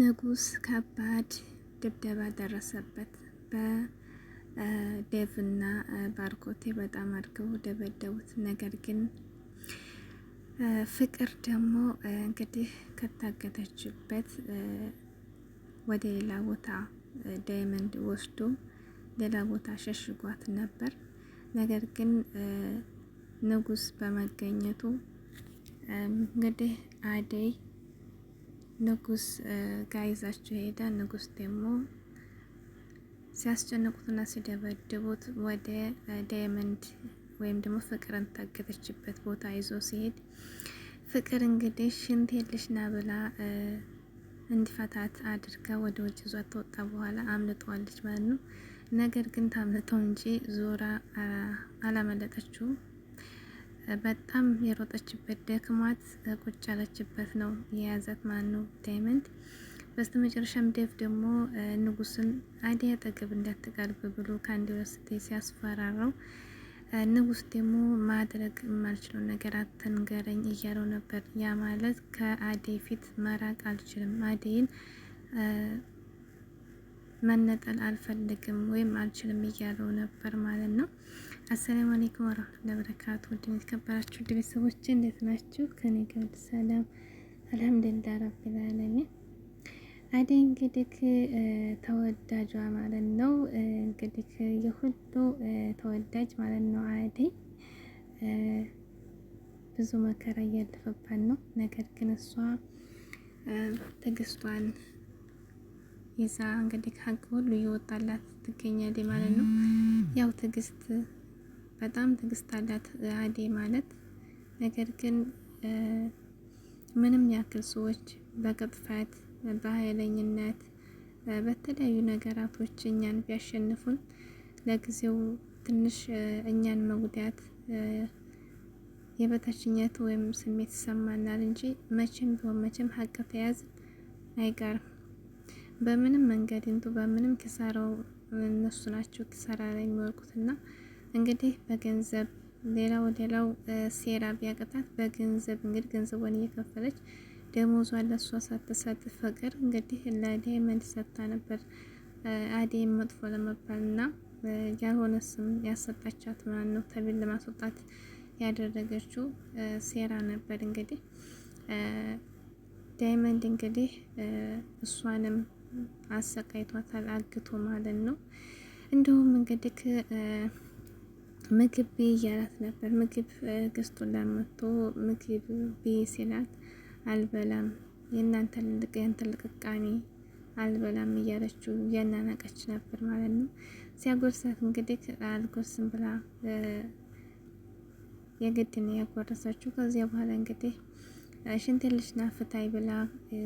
ንጉስ ከባድ ድብደባ ደረሰበት። በዴቭና ባርኮቴ በጣም አድርገው ደበደቡት። ነገር ግን ፍቅር ደግሞ እንግዲህ ከታገተችበት ወደ ሌላ ቦታ ዳይመንድ ወስዶ ሌላ ቦታ ሸሽጓት ነበር። ነገር ግን ንጉስ በመገኘቱ እንግዲህ አደይ ንጉስ ጋር ይዛቸው ሄዳ ንጉስ ደግሞ ሲያስጨንቁትና ሲደበድቡት ወደ ዳይመንድ ወይም ደግሞ ፍቅርን ታገተችበት ቦታ ይዞ ሲሄድ ፍቅር እንግዲህ ሽንት የለሽ ና ብላ እንዲፈታት አድርጋ ወደ ውጭ ይዟት ተወጣ በኋላ አምልጠዋለች ማለት ነው። ነገር ግን ታምልጠው እንጂ ዞራ አላመለጠችውም። በጣም የሮጠችበት ደክማት ቁጭ ያለችበት ነው የያዛት ማን ነው ዳይመንድ። በስተ መጨረሻም ዴቭ ደግሞ ንጉስን አደይ አጠገብ እንዳትቀርብ ብሎ ከአንድ ወስቴ ሲያስፈራረው ንጉስ ደግሞ ማድረግ የማልችለው ነገር አትንገረኝ እያለው ነበር። ያ ማለት ከአደይ ፊት መራቅ አልችልም አደይን መነጠል አልፈልግም ወይም አልችልም እያለው ነበር ማለት ነው። አሰላሙ አለይኩም ወራህመቱላሂ ወበረካቱ። ውድ የተከበራችሁ ውድ ቤተሰቦች እንዴት ናችሁ? ከኔ ጋር ሰላም አልሐምዱሊላህ ረቢል ዓለሚን። አደይ እንግዲህ ተወዳጇ ማለት ነው እንግዲህ የሁሉ ተወዳጅ ማለት ነው አደይ ብዙ መከራ እያለፈባት ነው። ነገር ግን እሷ ትግስቷን ይዛ እንግዲህ ከሀቅ ሁሉ እየወጣላት ትገኛለች ማለት ነው። ያው ትዕግስት በጣም ትግስት አላት አደይ ማለት ነገር ግን ምንም ያክል ሰዎች በቅጥፈት በኃይለኝነት በተለያዩ ነገራቶች እኛን ቢያሸንፉን ለጊዜው ትንሽ እኛን መጉዳት የበታችነት ወይም ስሜት ይሰማናል እንጂ መቼም ቢሆን መቼም ሀቅ ተያዝ አይቀርም። በምንም መንገድ እንቱ በምንም ኪሳራው እነሱ ናቸው ኪሳራ ላይ የሚወርቁትና እንግዲህ በገንዘብ ሌላው ሌላው ሴራ ቢያቅታት በገንዘብ እንግዲህ ገንዘቧን እየከፈለች ደሞዟ ለእሷ ሳትሰጥ ፍቅር እንግዲህ ለዳይመንድ ሰጥታ ነበር። አዴም መጥፎ ለመባል እና ያልሆነ ስም ያሰጣቻት ማለት ነው። ተብል ለማስወጣት ያደረገችው ሴራ ነበር። እንግዲህ ዳይመንድ እንግዲህ እሷንም አሰቃይቷታል፣ አግቶ ማለት ነው። እንደውም እንግዲህ ምግብ እያላት ነበር። ምግብ ገዝቶ ላመቶ ምግብ ሲላት አልበላም የእናንተ ያንተ ልቅቃሚ አልበላም እያለችው እያናናቀች ነበር ማለት ነው። ሲያጎርሳት እንግዲህ አልጎርስም ብላ ነው ያጎረሰችው። ከዚያ በኋላ እንግዲህ ሽንት ልሽና ፍታይ ብላ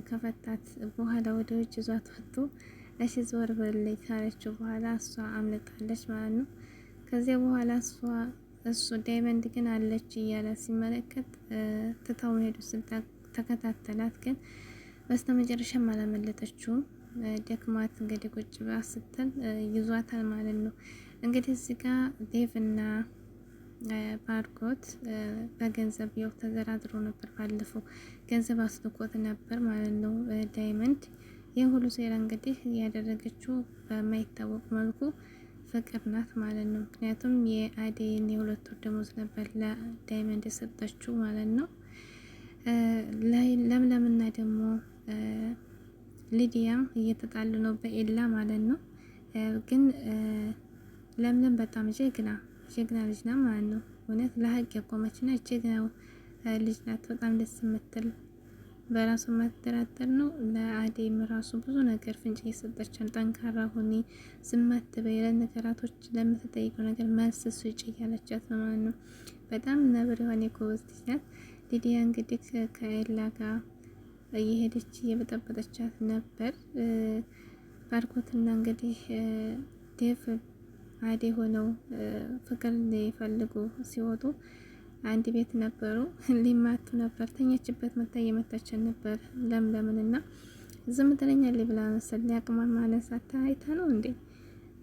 ከፈታት በኋላ ወደ ውጭ ይዟት ወጥቶ እሺ ዞር በልኝ ካለችው በኋላ እሷ አምልጣለች ማለት ነው። ከዚያ በኋላ እሷ እሱ ዳይመንድ ግን አለች እያለ ሲመለከት ትተው ሄዱ ተከታተላት። ግን በስተ መጨረሻም አላመለጠችውም። ደክማት እንግዲህ ቁጭ ብላ ስትል ይዟታል ማለት ነው። እንግዲህ እዚህ ጋር ዴቭ እና ባርኮት በገንዘብ ያው ተዘራዝሮ ነበር። ባለፈው ገንዘብ አስልኮት ነበር ማለት ነው። ዳይመንድ ሁሉ ሴራ እንግዲህ ያደረገችው በማይታወቅ መልኩ ፍቅር ናት ማለት ነው። ምክንያቱም የአዴይን የሁለት ወር ደሞዝ ነበር ለዳይመንድ የሰጠችው ማለት ነው። ለምለምና ደግሞ ሊዲያም እየተጣሉ ነው በኤላ ማለት ነው። ግን ለምለም በጣም ጀግና ጀግና ልጅ ናት ማለት ነው። እውነት ለሀቅ ያቆመችና ጀግና ልጅ ናት። በጣም ደስ የምትል በራሱ ማትጠራጠር ነው። ለአዴም ራሱ ብዙ ነገር ፍንጭ እየሰጠችን ጠንካራ ሁኔ ዝማት በይለ ነገራቶች ለምትጠይቀው ነገር መልስ ስጭ እያለቻት ነው ማለት ነው። በጣም ነብር የሆነ የጎበዝ ልጅ ናት። ሊዲያ እንግዲህ ከኤላ ጋር እየሄደች እየበጠበጠቻት ነበር። ባርኮትና እንግዲህ ዴቭ አዴ ሆነው ፍቅር ሊፈልጉ ሲወጡ አንድ ቤት ነበሩ። ሊማቱ ነበር። ተኛችበት መታ እየመታችን ነበር ለምለምንና ዝም ትለኛለች ብላ መሰል ሊያቅማን ማለት ሳታይታ ነው እንዴ?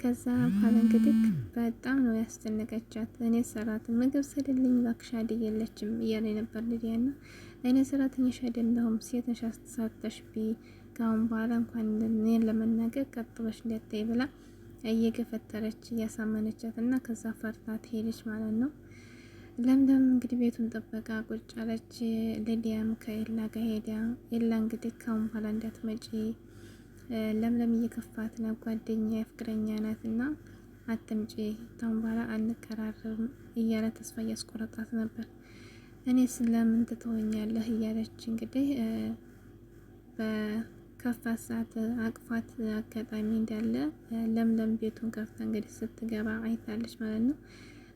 ከዛ በኋላ እንግዲህ በጣም ነው ያስጨነቀቻት። እኔ ሰራት ምግብ ስድልኝ እባክሽ አደይ የለችም እያለ ነበር ልዲያና እኔ ሰራተኛሽ አይደለሁም ሴት ነሽ አስተሳተሽ ቢ ከአሁን በኋላ እንኳን እኔን ለመናገር ቀጥሎሽ እንዳታይ ብላ እየገፈተረች እያሳመነቻት እና ከዛ ፈርታ ትሄደች ማለት ነው። ለምለም እንግዲህ ቤቱን ጠበቃ ቁጭ አለች። ልዲያም ከኤላ ጋር ሄዳ ኤላ እንግዲህ ካሁን በኋላ እንዳትመጪ ለምለም እየከፋት ነው፣ ጓደኛ ፍቅረኛ ናት እና አትምጪ፣ ካሁን በኋላ አንቀራረብም እያለ ተስፋ እያስቆረጣት ነበር። እኔ ስለምን ትተወኛለህ እያለች እንግዲህ በከፋት ሰዓት አጋጣሚ እንዳለ ለምለም ቤቱን ከፍታ እንግዲህ ስትገባ አይታለች ማለት ነው።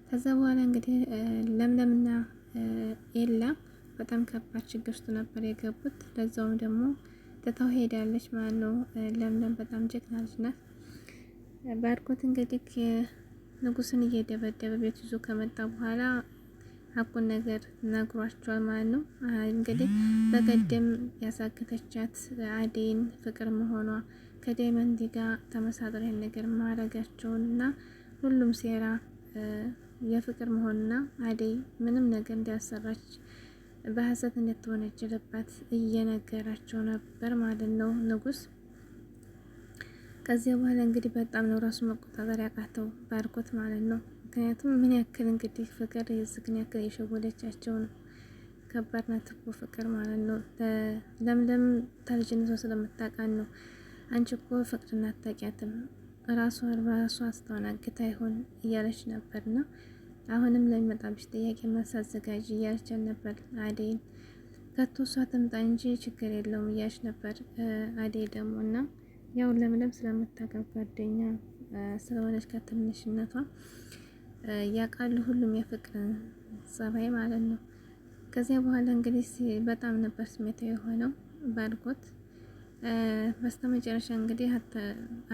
ከዛ በኋላ እንግዲህ ለምለምና ኤላ በጣም ከባድ ችግር ውስጥ ነበር የገቡት። ለዛውም ደግሞ ትታው ሄዳለች ማለት ነው። ለምለም በጣም ጀግና ልጅ ናት። ባርኮት እንግዲህ ንጉስን እየደበደበ ቤት ይዞ ከመጣ በኋላ ሀቁን ነገር ነግሯቸዋል ማለት ነው። እንግዲህ በቀደም ያሳገተቻት አደይን ፍቅር መሆኗ ከዳይመንድ ጋር ተመሳጥሮ ይህን ነገር ማድረጋቸውንና ሁሉም ሴራ የፍቅር መሆንና አደይ ምንም ነገር እንዳያሰራች በሀሰት እንደተወነጀለባት እየነገራቸው ነበር ማለት ነው ንጉስ። ከዚያ በኋላ እንግዲህ በጣም ነው ራሱ መቆጣጠር ያቃተው ባርኮት ማለት ነው። ምክንያቱም ምን ያክል እንግዲህ ፍቅር የዝግን ያክል የሸወደቻቸው ነው። ከባድ ናት እኮ ፍቅር ማለት ነው። ለምለም ተልጅነቷ ስለምታውቃን ነው። አንቺ እኮ ፍቅርን አታውቂያትም ራሷ ራሷ አስተናግታ ይሆን እያለች ነበርና አሁንም ለሚመጣብሽ ጥያቄ መልስ አዘጋጅ እያለች ነበር አዴይን። ከቶ እሷ ትምጣ እንጂ ችግር የለውም እያለች ነበር አዴይ ደግሞ እና ያው ለምለም ስለምታውቀው ጓደኛ ስለሆነች ከትንሽነቷ ያውቃሉ። ሁሉም የፍቅር ጸባይ ማለት ነው። ከዚያ በኋላ እንግዲህ በጣም ነበር ስሜታዊ የሆነው ባርኮት። በስተመጨረሻ እንግዲህ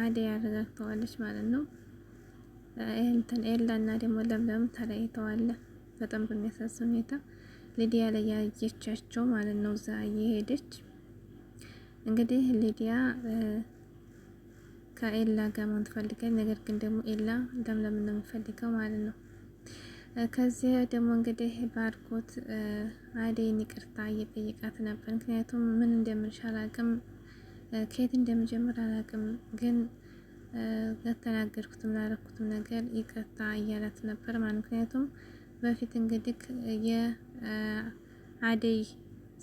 አደይ አረጋግተዋለች ማለት ነው። ይህንትን ኤላና ደግሞ ለምለም ተለያይተዋል። በጣም በሚያሳዝን ሁኔታ ሊዲያ ላይ ያየቻቸው ማለት ነው። እዛ እየሄደች እንግዲህ ሊዲያ ከኤላ ጋር መሆን ትፈልጋል። ነገር ግን ደግሞ ኤላ ለምለም ነው የሚፈልገው ማለት ነው። ከዚህ ደግሞ እንግዲህ ባርኮት አደይን ይቅርታ እየጠየቃት ነበር። ምክንያቱም ምን እንደምልሽ አላቅም፣ ከየት እንደምጀምር አላቅም፣ ግን ለተናገርኩትም ላረኩትም ነገር ይቅርታ እያላት ነበር ማለት ምክንያቱም በፊት እንግዲህ የአደይ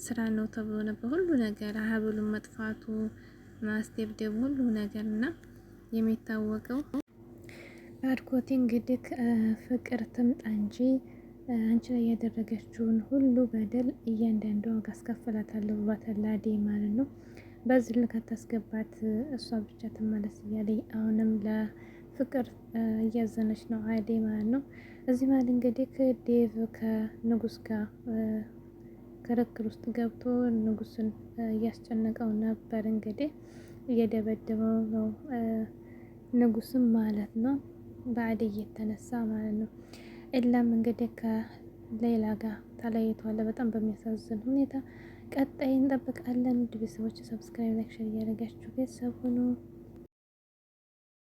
ስራ ነው ተብሎ ነበር ሁሉ ነገር ሀብሉን መጥፋቱ ማስደብደብ ሁሉ ነገር እና የሚታወቀው ባርኮቴ እንግዲህ ፍቅር ትምጣ እንጂ አንቺ ላይ ያደረገችውን ሁሉ በደል እያንዳንዱ ዋጋ አስከፍላታለሁ ብሏታል። ለአደይ ማለት ነው። በዚህ ልክ አታስገባት እሷ ብቻ ትመለስ እያለ አሁንም ለፍቅር እያዘነች ነው አደይ ማለት ነው። እዚህ ማለት እንግዲህ ዴቭ ከንጉስ ጋር ክርክር ውስጥ ገብቶ ንጉሱን እያስጨነቀው ነበር። እንግዲህ እየደበደበው ነው ንጉስም ማለት ነው፣ በአደይ እየተነሳ ማለት ነው። እላም እንግዲህ ከሌላ ጋር ተለያይቷል በጣም በሚያሳዝን ሁኔታ። ቀጣይ እንጠብቃለን። ውድ ቤተሰቦች ሰብስክራይብ፣ ላይክ፣ ሸር እያደረጋችሁ ቤተሰብ ሁኑ።